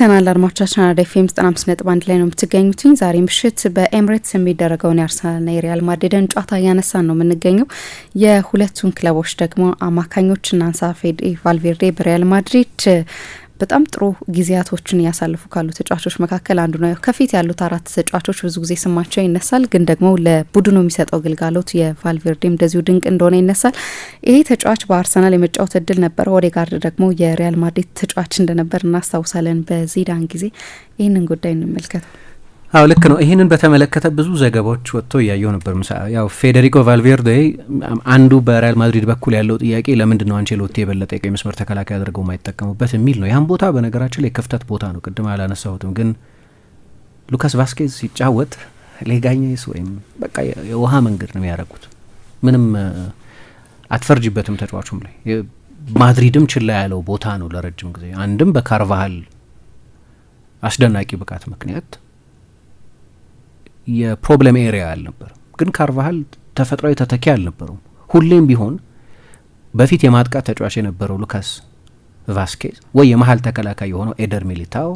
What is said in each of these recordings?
ተመልሰናል አድማጮቻችን፣ አራዳ ኤፍ ኤም ዘጠና አምስት ነጥብ አንድ ላይ ነው የምትገኙትኝ። ዛሬ ምሽት በኤምሬትስ የሚደረገውን የአርሰናልና የሪያል ማድሪድን ጨዋታ እያነሳን ነው የምንገኘው። የሁለቱን ክለቦች ደግሞ አማካኞች እናንሳ። ፌዴ ቫልቬርዴ በሪያል ማድሪድ በጣም ጥሩ ጊዜያቶችን እያሳለፉ ካሉ ተጫዋቾች መካከል አንዱ ነው። ከፊት ያሉት አራት ተጫዋቾች ብዙ ጊዜ ስማቸው ይነሳል፣ ግን ደግሞ ለቡድኑ የሚሰጠው ግልጋሎት የቫልቬርዴ እንደዚሁ ድንቅ እንደሆነ ይነሳል። ይሄ ተጫዋች በአርሰናል የመጫወት እድል ነበረው። ኦዴጋርድ ደግሞ የሪያል ማድሪድ ተጫዋች እንደነበር እናስታውሳለን በዚዳን ጊዜ። ይህንን ጉዳይ እንመልከተው። አዎ ልክ ነው። ይህንን በተመለከተ ብዙ ዘገባዎች ወጥቶ እያየው ነበር። ያው ፌዴሪኮ ቫልቬርዴ አንዱ በሪያል ማድሪድ በኩል ያለው ጥያቄ ለምንድን ነው አንቼሎቲ የበለጠ የቀኝ መስመር ተከላካይ አድርገው የማይጠቀሙበት የሚል ነው። ያም ቦታ በነገራችን ላይ ክፍተት ቦታ ነው። ቅድም አላነሳሁትም፣ ግን ሉካስ ቫስኬዝ ሲጫወት ሌጋኝስ ወይም በቃ የውሃ መንገድ ነው የሚያደርጉት። ምንም አትፈርጅበትም ተጫዋቹም ላይ ማድሪድም ችላ ያለው ቦታ ነው ለረጅም ጊዜ አንድም በካርቫሃል አስደናቂ ብቃት ምክንያት የፕሮብለም ኤሪያ አልነበርም። ግን ካርቫሃል ተፈጥሯዊ ተተኪ አልነበሩም። ሁሌም ቢሆን በፊት የማጥቃት ተጫዋች የነበረው ሉካስ ቫስኬዝ ወይ የመሀል ተከላካይ የሆነው ኤደር ሚሊታው፣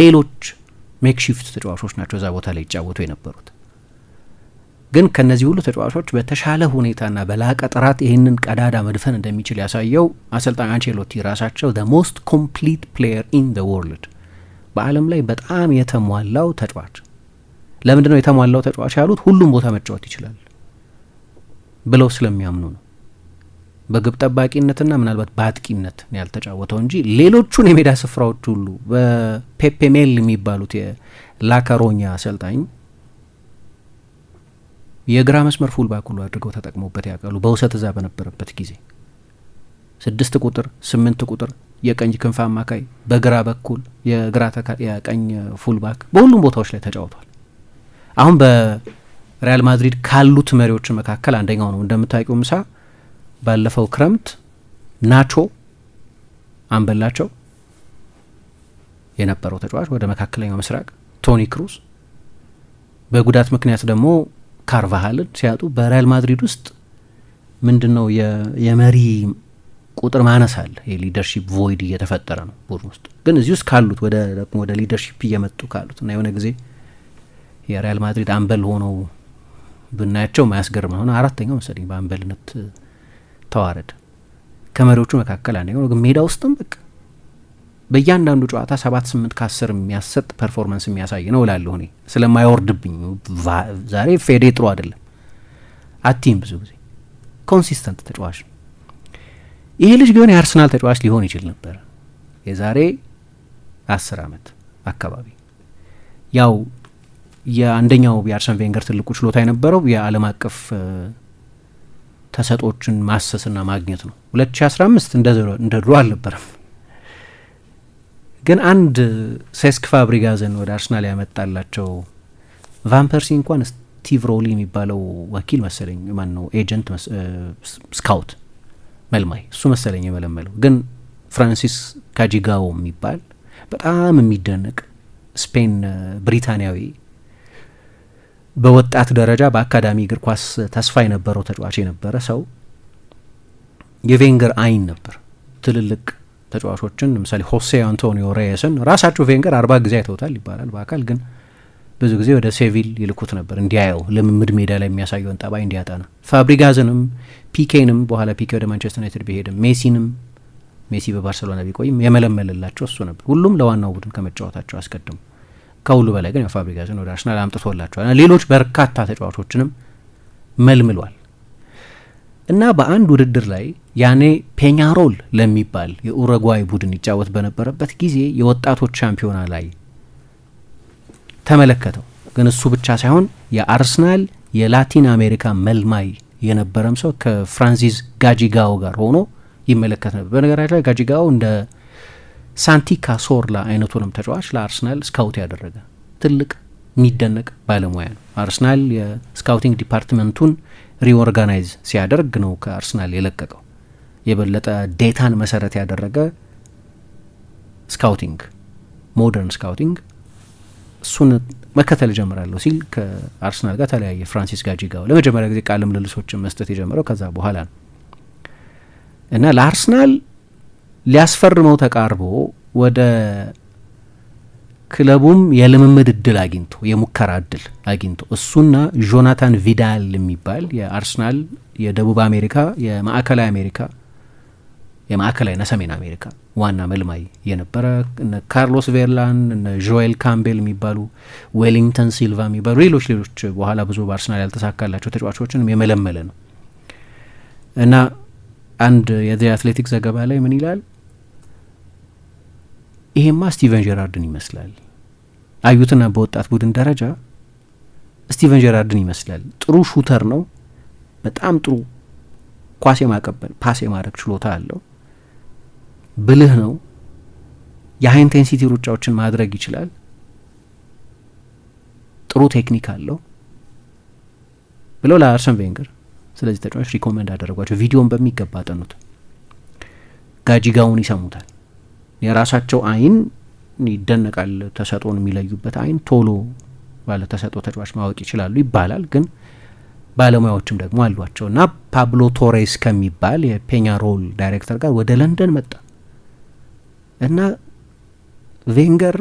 ሌሎች ሜክሺፍት ተጫዋቾች ናቸው እዛ ቦታ ላይ ይጫወቱ የነበሩት። ግን ከነዚህ ሁሉ ተጫዋቾች በተሻለ ሁኔታና በላቀ ጥራት ይህንን ቀዳዳ መድፈን እንደሚችል ያሳየው አሰልጣኝ አንቼሎቲ ራሳቸው ዘ ሞስት ኮምፕሊት ፕሌየር ኢን ዘ ወርልድ በዓለም ላይ በጣም የተሟላው ተጫዋች ለምንድነው የተሟላው ተጫዋች ያሉት? ሁሉም ቦታ መጫወት ይችላል ብለው ስለሚያምኑ ነው። በግብ ጠባቂነትና ምናልባት በአጥቂነት ያልተጫወተው እንጂ ሌሎቹን የሜዳ ስፍራዎች ሁሉ በፔፔሜል የሚባሉት የላካሮኛ አሰልጣኝ የግራ መስመር ፉልባክ ሁሉ አድርገው ተጠቅሞበት ያውቃሉ። በውሰት እዛ በነበረበት ጊዜ ስድስት ቁጥር ስምንት ቁጥር የቀኝ ክንፍ አማካይ፣ በግራ በኩል የግራ የቀኝ ፉልባክ በሁሉም ቦታዎች ላይ ተጫውቷል። አሁን በሪያል ማድሪድ ካሉት መሪዎች መካከል አንደኛው ነው። እንደምታውቂው ምሳ ባለፈው ክረምት ናቾ አንበላቸው የነበረው ተጫዋች ወደ መካከለኛው ምስራቅ ቶኒ ክሩስ በጉዳት ምክንያት ደግሞ ካርቫሃልን ሲያጡ በሪያል ማድሪድ ውስጥ ምንድን ነው የመሪ ቁጥር ማነስ አለ። የሊደርሺፕ ቮይድ እየተፈጠረ ነው ቡድን ውስጥ ግን እዚህ ውስጥ ካሉት ወደ ሊደርሺፕ እየመጡ ካሉት እና የሆነ ጊዜ የሪያል ማድሪድ አምበል ሆነው ብናያቸው ማያስገርም ሆነ። አራተኛው መሰለኝ በአምበልነት ተዋረድ ከመሪዎቹ መካከል አንደኛው ግን ሜዳ ውስጥም በቃ በእያንዳንዱ ጨዋታ ሰባት ስምንት ከአስር የሚያሰጥ ፐርፎርማንስ የሚያሳይ ነው እላለሁ እኔ ስለማይወርድብኝ። ዛሬ ፌዴ ጥሩ አይደለም አቲም ብዙ ጊዜ ኮንሲስተንት ተጫዋች ነው። ይሄ ልጅ ቢሆን የአርሰናል ተጫዋች ሊሆን ይችል ነበር የዛሬ አስር አመት አካባቢ ያው የአንደኛው የአርሰን ቬንገር ትልቁ ችሎታ የነበረው የዓለም አቀፍ ተሰጦችን ማሰስና ማግኘት ነው። 2015 እንደ ድሮ አልነበረም፣ ግን አንድ ሴስክ ፋብሪጋዘን ወደ አርሰናል ያመጣላቸው ቫምፐርሲ እንኳን ስቲቭ ሮሊ የሚባለው ወኪል መሰለኝ ማን ነው ኤጀንት ስካውት መልማይ እሱ መሰለኝ የመለመለው ግን ፍራንሲስ ካጂጋዎ የሚባል በጣም የሚደነቅ ስፔን ብሪታንያዊ በወጣት ደረጃ በአካዳሚ እግር ኳስ ተስፋ የነበረው ተጫዋች የነበረ ሰው የቬንገር አይን ነበር። ትልልቅ ተጫዋቾችን ለምሳሌ ሆሴ አንቶኒዮ ሬየስን ራሳቸው ቬንገር አርባ ጊዜ አይተውታል ይባላል። በአካል ግን ብዙ ጊዜ ወደ ሴቪል ይልኩት ነበር እንዲያየው ልምምድ ሜዳ ላይ የሚያሳየውን ጠባይ እንዲያጠና። ፋብሪጋዝንም ፒኬንም በኋላ ፒኬ ወደ ማንቸስተር ዩናይትድ ቢሄድም ሜሲንም ሜሲ በባርሰሎና ቢቆይም የመለመልላቸው እሱ ነበር። ሁሉም ለዋናው ቡድን ከመጫወታቸው አስቀድሞ ከሁሉ በላይ ግን ፋብሪጋስን ወደ አርሰናል አምጥቶላቸዋል። ሌሎች በርካታ ተጫዋቾችንም መልምሏል እና በአንድ ውድድር ላይ ያኔ ፔኛሮል ለሚባል የኡረጓይ ቡድን ይጫወት በነበረበት ጊዜ የወጣቶች ሻምፒዮና ላይ ተመለከተው። ግን እሱ ብቻ ሳይሆን የአርሰናል የላቲን አሜሪካ መልማይ የነበረም ሰው ከፍራንሲስ ጋጂጋው ጋር ሆኖ ይመለከት ነበር። በነገራችን ላይ ጋጂጋው እንደ ሳንቲ ካዞርላ አይነቱንም ተጫዋች ለአርሰናል ስካውት ያደረገ ትልቅ የሚደነቅ ባለሙያ ነው። አርሰናል የስካውቲንግ ዲፓርትመንቱን ሪኦርጋናይዝ ሲያደርግ ነው ከአርሰናል የለቀቀው። የበለጠ ዴታን መሰረት ያደረገ ስካውቲንግ፣ ሞደርን ስካውቲንግ እሱን መከተል ጀምራለሁ ሲል ከአርስናል ጋር ተለያየ። ፍራንሲስ ጋጂጋው ለመጀመሪያ ጊዜ ቃለ ምልልሶችን መስጠት የጀመረው ከዛ በኋላ ነው እና ለአርሰናል ሊያስፈርመው ተቃርቦ ወደ ክለቡም የልምምድ እድል አግኝቶ የሙከራ እድል አግኝቶ እሱና ጆናታን ቪዳል የሚባል የአርሰናል የደቡብ አሜሪካ የማዕከላዊ አሜሪካ የማዕከላዊ ሰሜን አሜሪካ ዋና መልማይ የነበረ እነ ካርሎስ ቬርላን እነ ጆኤል ካምቤል የሚባሉ ዌሊንግተን ሲልቫ የሚባሉ ሌሎች ሌሎች በኋላ ብዙ በአርሰናል ያልተሳካላቸው ተጫዋቾችንም የመለመለ ነው እና አንድ የዚ አትሌቲክ ዘገባ ላይ ምን ይላል ይሄማ ስቲቨን ጀራርድን ይመስላል። አዩትና በወጣት ቡድን ደረጃ ስቲቨን ጀራርድን ይመስላል። ጥሩ ሹተር ነው። በጣም ጥሩ ኳስ የማቀበል ፓስ የማድረግ ችሎታ አለው። ብልህ ነው። የሀይ ኢንቴንሲቲ ሩጫዎችን ማድረግ ይችላል። ጥሩ ቴክኒክ አለው ብለው ለአርሰን ቬንገር ስለዚህ ተጫዋች ሪኮመንድ አደረጓቸው። ቪዲዮን በሚገባ አጠኑት። ጋጂጋውን ይሰሙታል። የራሳቸው አይን ይደነቃል። ተሰጦን የሚለዩበት አይን ቶሎ ባለ ተሰጦ ተጫዋች ማወቅ ይችላሉ ይባላል። ግን ባለሙያዎችም ደግሞ አሏቸው እና ፓብሎ ቶሬስ ከሚባል ሮል ዳይሬክተር ጋር ወደ ለንደን መጣ እና ቬንገር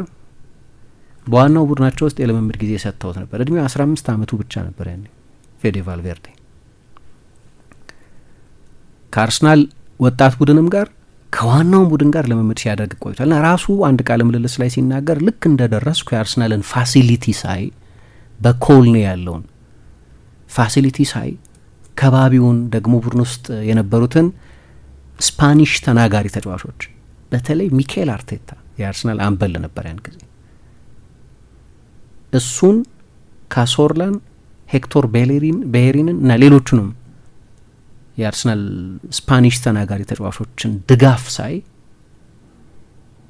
በዋናው ቡድናቸው ውስጥ የልምምድ ጊዜ ሰጥተውት ነበር። እድሜው አስራ አምስት አመቱ ብቻ ነበር ያኔ ፌዴ ቫልቬርዴ ከአርሰናል ወጣት ቡድንም ጋር ከዋናውን ቡድን ጋር ልምምድ ሲያደርግ ና ራሱ አንድ ቃለ ምልልስ ላይ ሲናገር ልክ እንደደረስኩ የአርሰናልን ፋሲሊቲ ሳይ በኮልኒ ያለውን ፋሲሊቲ ሳይ ከባቢውን ደግሞ ቡድን ውስጥ የነበሩትን ስፓኒሽ ተናጋሪ ተጫዋቾች በተለይ ሚካኤል አርቴታ የአርሰናል አምበል ነበር ያን ጊዜ። እሱን ካሶርላን፣ ሄክቶር ቤሌሪን እና ሌሎቹንም የአርሰናል ስፓኒሽ ተናጋሪ ተጫዋቾችን ድጋፍ ሳይ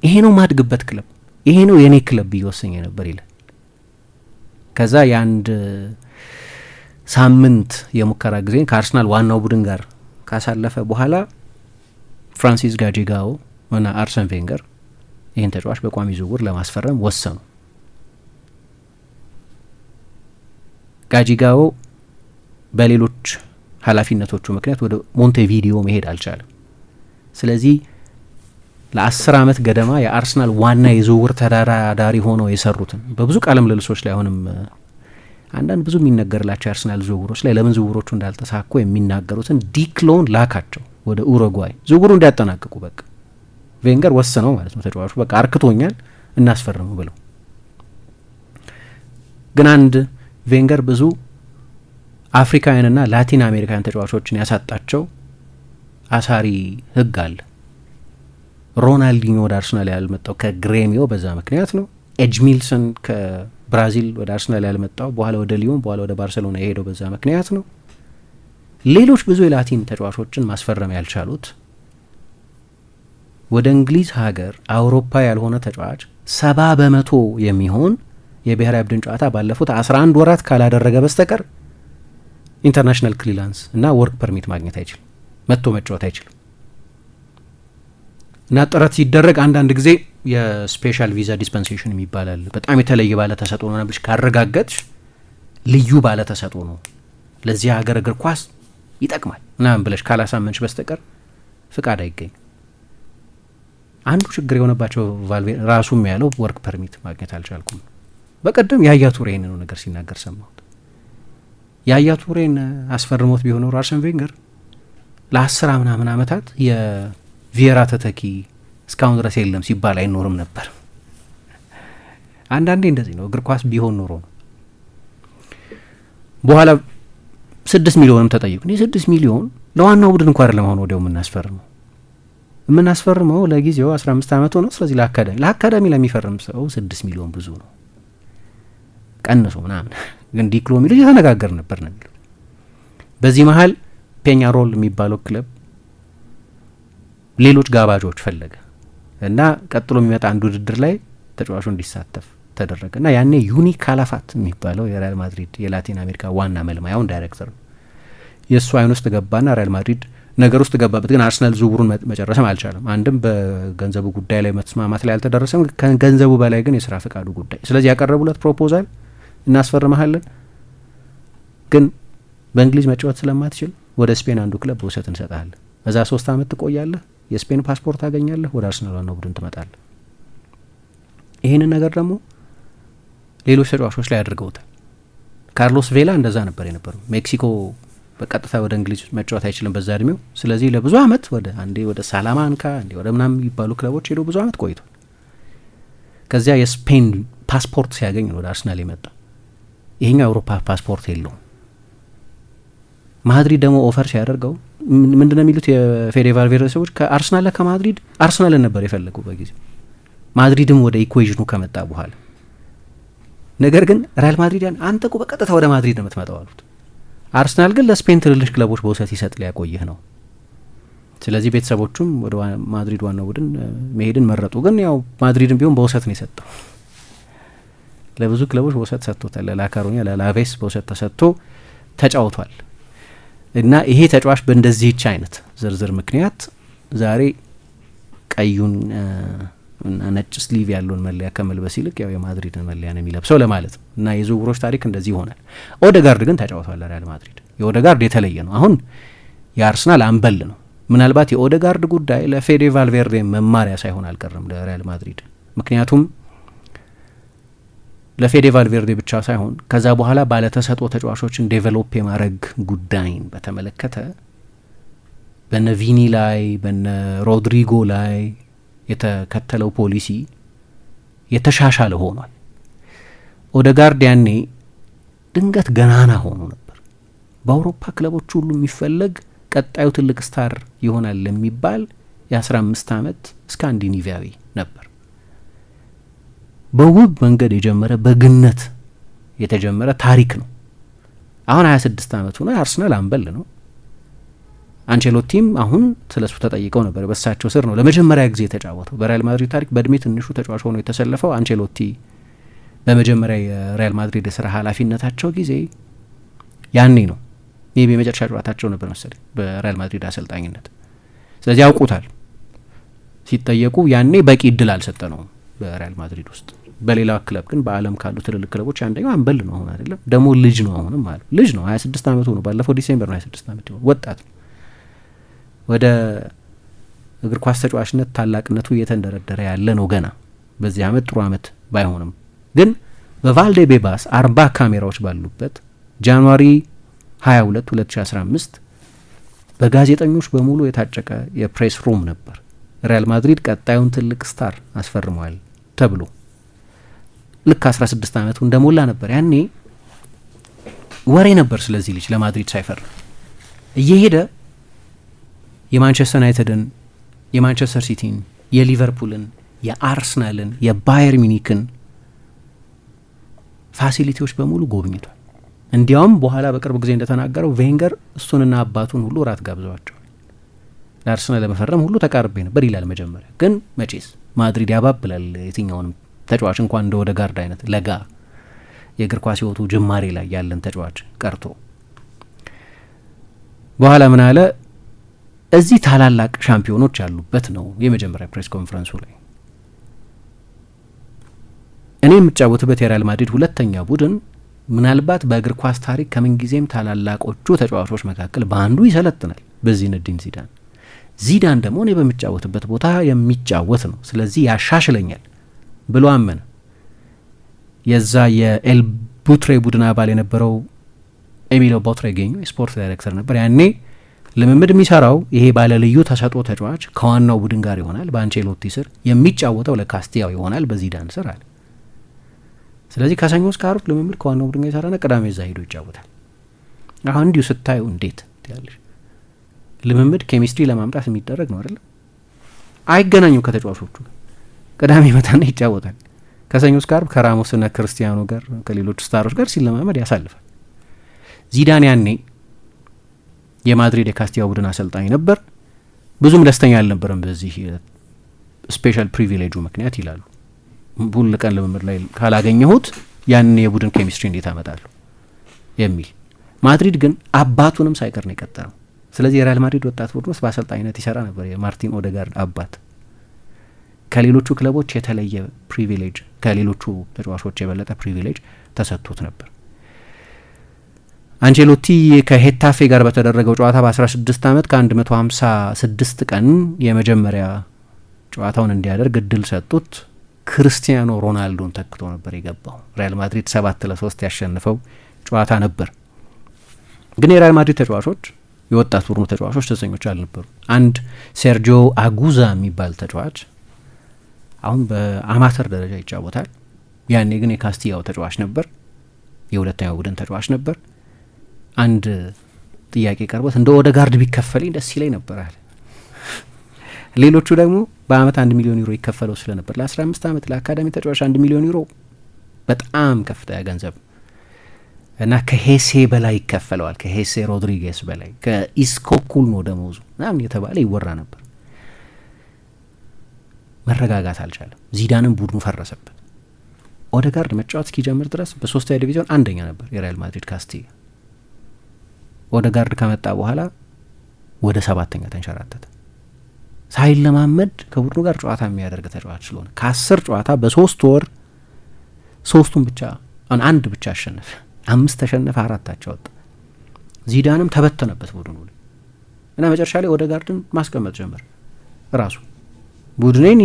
ይሄ ነው ማድግበት ክለብ፣ ይሄ ነው የእኔ ክለብ ብዬ ነበር ይላል። ከዛ የአንድ ሳምንት የሙከራ ጊዜ ከአርሰናል ዋናው ቡድን ጋር ካሳለፈ በኋላ ፍራንሲስ ጋጂጋው እና አርሰን ቬንገር ይህን ተጫዋች በቋሚ ዝውውር ለማስፈረም ወሰኑ። ጋጂጋው በሌሎች ኃላፊነቶቹ ምክንያት ወደ ሞንቴቪዲዮ መሄድ አልቻለም። ስለዚህ ለአስር ዓመት ገደማ የአርሰናል ዋና የዝውውር ተደራዳሪ ሆነው የሰሩትን በብዙ ቃለ ምልልሶች ላይ አሁንም አንዳንድ ብዙ የሚነገርላቸው የአርሰናል ዝውውሮች ላይ ለምን ዝውውሮቹ እንዳልተሳኩ የሚናገሩትን ዲክሎን ላካቸው ወደ ኡሩጓይ ዝውውሩ እንዲያጠናቅቁ በቃ ቬንገር ወሰነው ማለት ነው። ተጫዋቹ በቃ አርክቶኛል እናስፈርሙ ብለው ግን አንድ ቬንገር ብዙ አፍሪካውያንና ላቲን አሜሪካውያን ተጫዋቾችን ያሳጣቸው አሳሪ ህግ አለ። ሮናልዲኞ ወደ አርስናል ያልመጣው ከግሬሚዮ በዛ ምክንያት ነው። ኤጅሚልሰን ከብራዚል ወደ አርስናል ያልመጣው በኋላ ወደ ሊዮን በኋላ ወደ ባርሴሎና የሄደው በዛ ምክንያት ነው። ሌሎች ብዙ የላቲን ተጫዋቾችን ማስፈረም ያልቻሉት ወደ እንግሊዝ ሀገር አውሮፓ ያልሆነ ተጫዋች ሰባ በመቶ የሚሆን የብሔራዊ ቡድን ጨዋታ ባለፉት አንድ ወራት ካላደረገ በስተቀር ኢንተርናሽናል ክሊራንስ እና ወርክ ፐርሚት ማግኘት አይችልም። መጥቶ መጫወት አይችልም። እና ጥረት ሲደረግ አንዳንድ ጊዜ የስፔሻል ቪዛ ዲስፐንሴሽን የሚባላል በጣም የተለየ ባለተሰጥኦ ነው ብለሽ ካረጋገጥሽ ልዩ ባለተሰጦ ነው ለዚህ ሀገር እግር ኳስ ይጠቅማል ምናምን ብለሽ ካላሳመንሽ በስተቀር ፍቃድ አይገኝም። አንዱ ችግር የሆነባቸው ራሱም ያለው ወርክ ፐርሚት ማግኘት አልቻልኩም። በቀደም ያያ ይህንኑ ነገር ሲናገር ሰማሁት። ያያ ቱሬን አስፈርሞት ቢሆን ኖሮ አርሰን ቬንገር ለአስር ምናምን ዓመታት የቪየራ ተተኪ እስካሁን ድረስ የለም ሲባል አይኖርም ነበር። አንዳንዴ እንደዚህ ነው። እግር ኳስ ቢሆን ኖሮ ነው። በኋላ ስድስት ሚሊዮንም ተጠየቁ። እኔ ስድስት ሚሊዮን ለዋናው ቡድን እንኳ አይደለም አሁን ወዲያው የምናስፈርመው የምናስፈርመው ለጊዜው አስራ አምስት ዓመት ሆነው። ስለዚህ ለአካዳሚ ለአካዳሚ ለሚፈርም ሰው ስድስት ሚሊዮን ብዙ ነው። ቀንሱ ምናምን ግን ዲክሎ የሚሉ የተነጋገር ነበር ነው የሚሉት። በዚህ መሀል ፔኛሮል የሚባለው ክለብ ሌሎች ጋባዦች ፈለገ እና ቀጥሎ የሚመጣ አንድ ውድድር ላይ ተጫዋቹ እንዲሳተፍ ተደረገ እና ያኔ ዩኒ ካላፋት የሚባለው የሪያል ማድሪድ የላቲን አሜሪካ ዋና መልማያውን ዳይሬክተር ነው። የእሱ አይን ውስጥ ገባና ሪያል ማድሪድ ነገር ውስጥ ገባበት። ግን አርሰናል ዝውውሩን መጨረስም አልቻለም። አንድም በገንዘቡ ጉዳይ ላይ መስማማት ላይ አልተደረሰም። ከገንዘቡ በላይ ግን የስራ ፈቃዱ ጉዳይ ስለዚህ ያቀረቡለት ፕሮፖዛል እናስፈርመሃለን፣ ግን በእንግሊዝ መጫወት ስለማትችል ወደ ስፔን አንዱ ክለብ ውሰት እንሰጣለን። በዛ ሶስት አመት ትቆያለህ፣ የስፔን ፓስፖርት ታገኛለህ፣ ወደ አርሰናል ዋናው ቡድን ትመጣለህ። ይህንን ነገር ደግሞ ሌሎች ተጫዋቾች ላይ አድርገውታል። ካርሎስ ቬላ እንደዛ ነበር የነበረው። ሜክሲኮ በቀጥታ ወደ እንግሊዝ መጫወት አይችልም በዛ እድሜው። ስለዚህ ለብዙ አመት ወደ አንዴ ወደ ሳላማንካ እንዴ ወደ ምናም የሚባሉ ክለቦች ሄዶ ብዙ አመት ቆይቷል። ከዚያ የስፔን ፓስፖርት ሲያገኝ ወደ አርሰናል የመጣ ይሄኛው የአውሮፓ ፓስፖርት የለውም። ማድሪድ ደግሞ ኦፈር ሲያደርገው ምንድነው የሚሉት የፌዴ ቫልቬርደ ሰዎች ከአርሰናል ከማድሪድ አርሰናል ነበር የፈለጉ በጊዜ ማድሪድም ወደ ኢኩዌዥኑ ከመጣ በኋላ ነገር ግን ሪያል ማድሪድ ያን አንተ በቀጥታ ወደ ማድሪድ ነው የምትመጣው አሉት። አርሰናል ግን ለስፔን ትልልሽ ክለቦች በውሰት ይሰጥ ሊያቆይህ ነው። ስለዚህ ቤተሰቦቹም ወደ ማድሪድ ዋናው ቡድን መሄድን መረጡ። ግን ያው ማድሪድም ቢሆን በውሰት ነው የሰጠው። ለብዙ ክለቦች በውሰት ሰጥቶታል። ለላካሮኛ ለላቬስ በውሰት ተሰጥቶ ተጫውቷል እና ይሄ ተጫዋች በእንደዚህች አይነት ዝርዝር ምክንያት ዛሬ ቀዩን እና ነጭ ስሊቭ ያለውን መለያ ከመልበስ ይልቅ ያው የማድሪድን መለያ ነው የሚለብሰው ለማለት ነው እና የዝውውሮች ታሪክ እንደዚህ ይሆናል። ኦደጋርድ ግን ተጫውቷል። ሪያል ማድሪድ የኦደጋርድ የተለየ ነው። አሁን የአርሰናል አምበል ነው። ምናልባት የኦደጋርድ ጉዳይ ለፌዴ ቫልቬርዴ መማሪያ ሳይሆን አልቀረም ለሪያል ማድሪድ ምክንያቱም ለፌዴ ቫልቬርዴ ብቻ ሳይሆን ከዛ በኋላ ባለተሰጥኦ ተጫዋቾችን ዴቨሎፕ የማድረግ ጉዳይን በተመለከተ በነ ቪኒ ላይ በነ ሮድሪጎ ላይ የተከተለው ፖሊሲ የተሻሻለ ሆኗል። ኦደጋርድ ያኔ ድንገት ገናና ሆኖ ነበር። በአውሮፓ ክለቦች ሁሉ የሚፈለግ ቀጣዩ ትልቅ ስታር ይሆናል የሚባል የ አምስት ዓመት ስካንዲኒቪያዊ ነበር። በውብ መንገድ የጀመረ በግነት የተጀመረ ታሪክ ነው። አሁን 26 ዓመቱ ነው። የአርሰናል አምበል ነው። አንቸሎቲም አሁን ስለሱ ተጠይቀው ነበር። በሳቸው ስር ነው ለመጀመሪያ ጊዜ የተጫወተው በሪያል ማድሪድ ታሪክ። በእድሜ ትንሹ ተጫዋች ሆኖ የተሰለፈው አንቸሎቲ በመጀመሪያ የሪያል ማድሪድ የስራ ኃላፊነታቸው ጊዜ ያኔ ነው። ይህ የመጨረሻ ጨዋታቸው ነበር መሰለኝ በሪያል ማድሪድ አሰልጣኝነት። ስለዚህ ያውቁታል። ሲጠየቁ ያኔ በቂ እድል አልሰጠ ነው በሪያል ማድሪድ ውስጥ በሌላ ክለብ ግን በአለም ካሉ ትልልቅ ክለቦች አንደኛው አንበል ነው። አሁን አይደለም ደግሞ ልጅ ነው። አሁንም አለ ልጅ ነው። ሀያ ስድስት አመቱ ነው። ባለፈው ዲሴምበር ነው ሀያ ስድስት አመት ይሆን ወጣት ነው። ወደ እግር ኳስ ተጫዋችነት ታላቅነቱ እየተንደረደረ ያለ ነው። ገና በዚህ አመት ጥሩ አመት ባይሆንም ግን በቫልዴ ቤባስ አርባ ካሜራዎች ባሉበት ጃንዋሪ 22 2015 በጋዜጠኞች በሙሉ የታጨቀ የፕሬስ ሩም ነበር። ሪያል ማድሪድ ቀጣዩን ትልቅ ስታር አስፈርሟል ተብሎ ልክ 16 ዓመቱ እንደሞላ ነበር ያኔ ወሬ ነበር ስለዚህ ልጅ ለማድሪድ ሳይፈርም እየሄደ የማንቸስተር ዩናይትድን፣ የማንቸስተር ሲቲን፣ የሊቨርፑልን፣ የአርሰናልን፣ የባየር ሚኒክን ፋሲሊቲዎች በሙሉ ጎብኝቷል። እንዲያውም በኋላ በቅርብ ጊዜ እንደተናገረው ቬንገር እሱንና አባቱን ሁሉ እራት ጋብዘዋቸዋል። ለአርሰናል ለመፈረም ሁሉ ተቃርቤ ነበር ይላል። መጀመሪያ ግን መቼስ ማድሪድ ያባብላል የትኛውንም ተጫዋች እንኳን እንደ ጋርድ አይነት ለጋ የእግር ኳስ ህይወቱ ጅማሬ ላይ ያለን ተጫዋች ቀርቶ በኋላ ምን አለ? እዚህ ታላላቅ ሻምፒዮኖች ያሉበት ነው የመጀመሪያ ፕሬስ ኮንፈረንሱ ላይ እኔ የምጫወትበት የሪያል ማድሪድ ሁለተኛ ቡድን ምናልባት በእግር ኳስ ታሪክ ከምንጊዜም ታላላቆቹ ተጫዋቾች መካከል በአንዱ ይሰለጥናል በዚነዲን ዚዳን ዚዳን ደግሞ እኔ በምጫወትበት ቦታ የሚጫወት ነው ስለዚህ ያሻሽለኛል ብሎ አመነ። የዛ ቡትሬ ቡድን አባል የነበረው ኤሚሎ ቦትሬ ገኙ የስፖርት ዳይሬክተር ነበር ያኔ። ልምምድ የሚሰራው ይሄ ባለ ልዩ ተሰጥኦ ተጫዋች ከዋናው ቡድን ጋር ይሆናል፣ በአንቼሎቲ ስር የሚጫወተው ለካስቲያው ይሆናል፣ ዳን ስር አለ። ስለዚህ ከሰኞ እስከ ዓርብ ልምምድ ከዋናው ቡድን ጋር ይሰራና ቅዳሜ እዛ ሄዶ ይጫወታል። አሁን እንዲሁ ስታዩ እንዴት ትያለሽ? ልምምድ ኬሚስትሪ ለማምጣት የሚደረግ ነው አይደለም። አይገናኙ ከተጫዋቾቹ ቅዳሜ ይመጣና ይጫወታል። ከሰኞ እስከ አርብ ከራሞስና ክርስቲያኖ ጋር ከሌሎች ስታሮች ጋር ሲለማመድ ያሳልፋል። ዚዳን ያኔ የማድሪድ የካስቲያ ቡድን አሰልጣኝ ነበር። ብዙም ደስተኛ አልነበረም በዚህ ስፔሻል ፕሪቪሌጁ ምክንያት ይላሉ። ሁል ቀን ልምምድ ላይ ካላገኘሁት ያንን የቡድን ኬሚስትሪ እንዴት አመጣለሁ የሚል ማድሪድ ግን አባቱንም ሳይቀር ነው የቀጠረው። ስለዚህ የሪያል ማድሪድ ወጣት ቡድን ውስጥ በአሰልጣኝነት ይሰራ ነበር የማርቲን ኦደጋርድ አባት ከሌሎቹ ክለቦች የተለየ ፕሪቪሌጅ ከሌሎቹ ተጫዋቾች የበለጠ ፕሪቪሌጅ ተሰጥቶት ነበር። አንቼሎቲ ከሄታፌ ጋር በተደረገው ጨዋታ በ16 ዓመት ከ156 ቀን የመጀመሪያ ጨዋታውን እንዲያደርግ እድል ሰጡት። ክርስቲያኖ ሮናልዶን ተክቶ ነበር የገባው። ሪያል ማድሪድ ሰባት ለሶስት ያሸንፈው ጨዋታ ነበር። ግን የሪያል ማድሪድ ተጫዋቾች የወጣት ቡድኑ ተጫዋቾች ተሰኞች አልነበሩ። አንድ ሴርጂዮ አጉዛ የሚባል ተጫዋች አሁን በአማተር ደረጃ ይጫወታል። ያኔ ግን የካስቲያው ተጫዋች ነበር፣ የሁለተኛው ቡድን ተጫዋች ነበር። አንድ ጥያቄ ቀርቦት እንደ ወደ ጋርድ ቢከፈልኝ ደስ ይለኝ አለ። ሌሎቹ ደግሞ በአመት አንድ ሚሊዮን ዩሮ ይከፈለው ስለነበር ለአስራ አምስት አመት ለአካዳሚ ተጫዋች አንድ ሚሊዮን ዩሮ በጣም ከፍተኛ ገንዘብ እና ከሄሴ በላይ ይከፈለዋል። ከሄሴ ሮድሪጌስ በላይ ከኢስኮ ኩል ነው ደሞዙ ምናምን የተባለ ይወራ ነበር። መረጋጋት አልቻለም። ዚዳንም ቡድኑ ፈረሰበት። ኦደጋርድ መጫወት እስኪጀምር ድረስ በሶስተኛ ዲቪዚዮን አንደኛ ነበር የሪያል ማድሪድ ካስቲያ። ኦደጋርድ ከመጣ በኋላ ወደ ሰባተኛ ተንሸራተተ። ሳይለማመድ ከቡድኑ ጋር ጨዋታ የሚያደርግ ተጫዋች ስለሆነ ከአስር ጨዋታ በሶስት ወር ሶስቱን ብቻ አንድ ብቻ አሸነፈ። አምስት ተሸነፈ፣ አራታቸው ወጣ። ዚዳንም ተበተነበት ቡድኑ እና መጨረሻ ላይ ኦደጋርድን ማስቀመጥ ጀመር ራሱ ቡድኔን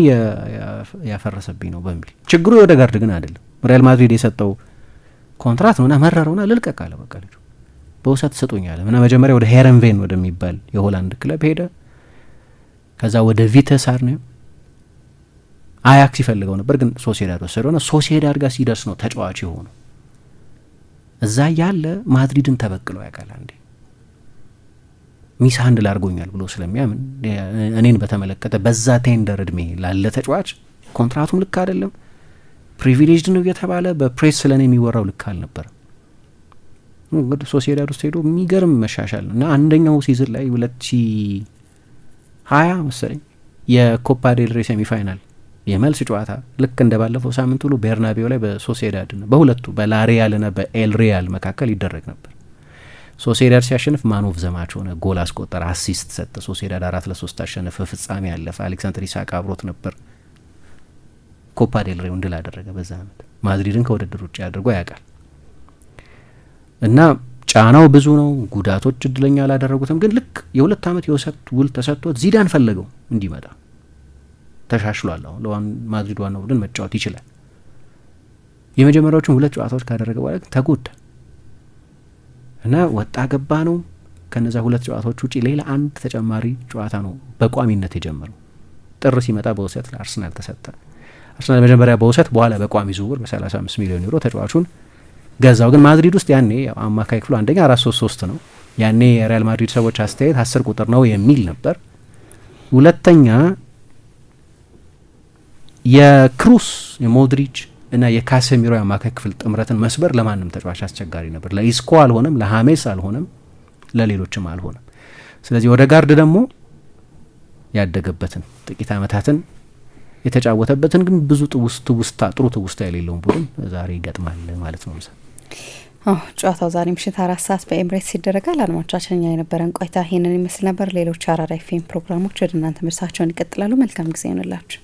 ያፈረሰብኝ ነው በሚል ችግሩ የኦደጋርድ ግን አይደለም። ሪያል ማድሪድ የሰጠው ኮንትራት ነውና መረረውና ልልቀቅ አለ። በቃ ልጁ በውሰት ሰጡኛለ ምና መጀመሪያ ወደ ሄረንቬን ወደሚባል የሆላንድ ክለብ ሄደ። ከዛ ወደ ቪተሳር ነው አያክስ ይፈልገው ነበር፣ ግን ሶሴዳድ ወሰደውና ሶሲዳድ ጋር ሲደርስ ነው ተጫዋች የሆኑ እዛ ያለ ማድሪድን ተበቅለው ያውቃል አንዴ ሚስ ሀንድ ላርጎኛል ብሎ ስለሚያምን እኔን በተመለከተ በዛ ቴንደር እድሜ ላለ ተጫዋች ኮንትራቱም ልክ አይደለም፣ ፕሪቪሌጅድ ነው እየተባለ በፕሬስ ስለ እኔ የሚወራው ልክ አልነበረ። እንግዲህ ሶሲዳድ ውስጥ ሄዶ የሚገርም መሻሻል እና አንደኛው ሲዝን ላይ ሁለት ሺ ሀያ መሰለኝ የኮፓ ሬ ሴሚፋይናል የመልስ ጨዋታ ልክ እንደ ባለፈው ሳምንት ሁሉ ቤርናቤው ላይ በሶሲዳድ ነው በሁለቱ በላሪያል ና በኤልሪያል መካከል ይደረግ ነበር። ሶሴዳድ ሲያሸንፍ ማኖቭ ዘማች ሆነ፣ ጎል አስቆጠረ፣ አሲስት ሰጠ። ሶሴዳድ አራት ለሶስት አሸነፈ፣ ፍጻሜ አለፈ። አሌክሳንደር ኢሳቅ አብሮት ነበር። ኮፓ ዴል ሬውን ድል አደረገ። በዛ አመት ማድሪድን ከውድድር ውጭ አድርጎ ያውቃል እና ጫናው ብዙ ነው። ጉዳቶች እድለኛ አላደረጉትም። ግን ልክ የሁለት አመት የውሰት ውል ተሰጥቶት ዚዳን ፈለገው እንዲመጣ ተሻሽሏል። አሁን ማድሪድ ዋና ቡድን መጫወት ይችላል። የመጀመሪያዎቹን ሁለት ጨዋታዎች ካደረገ በኋላ ግን ተጎዳ። እና ወጣ ገባ ነው። ከነዛ ሁለት ጨዋታዎች ውጪ ሌላ አንድ ተጨማሪ ጨዋታ ነው በቋሚነት የጀመረው። ጥር ሲመጣ በውሰት ለአርሰናል ተሰጠ። አርሰናል መጀመሪያ በውሰት በኋላ በቋሚ ዝውውር በ35 ሚሊዮን ዩሮ ተጫዋቹን ገዛው። ግን ማድሪድ ውስጥ ያኔ አማካይ ክፍሉ አንደኛ አራት ሶስት ሶስት ነው ያኔ የሪያል ማድሪድ ሰዎች አስተያየት አስር ቁጥር ነው የሚል ነበር። ሁለተኛ የክሩስ የሞድሪች እና የካሴሚሮ የአማካይ ክፍል ጥምረትን መስበር ለማንም ተጫዋች አስቸጋሪ ነበር። ለኢስኮ አልሆነም፣ ለሀሜስ አልሆነም፣ ለሌሎችም አልሆነም። ስለዚህ ወደ ጋርድ ደግሞ ያደገበትን ጥቂት ዓመታትን የተጫወተበትን ግን ብዙ ትውስታ ጥሩ ትውስታ የሌለውን ቡድን ዛሬ ይገጥማል ማለት ነው። ጨዋታው ዛሬ ምሽት አራት ሰዓት በኤምሬትስ ይደረጋል። አድማጮቻችን የነበረን ቆይታ ይህንን ይመስል ነበር። ሌሎች አራዳ ኤፍ ኤም ፕሮግራሞች ወደ እናንተ ምርሳቸውን ይቀጥላሉ። መልካም ጊዜ ይሆንላችሁ።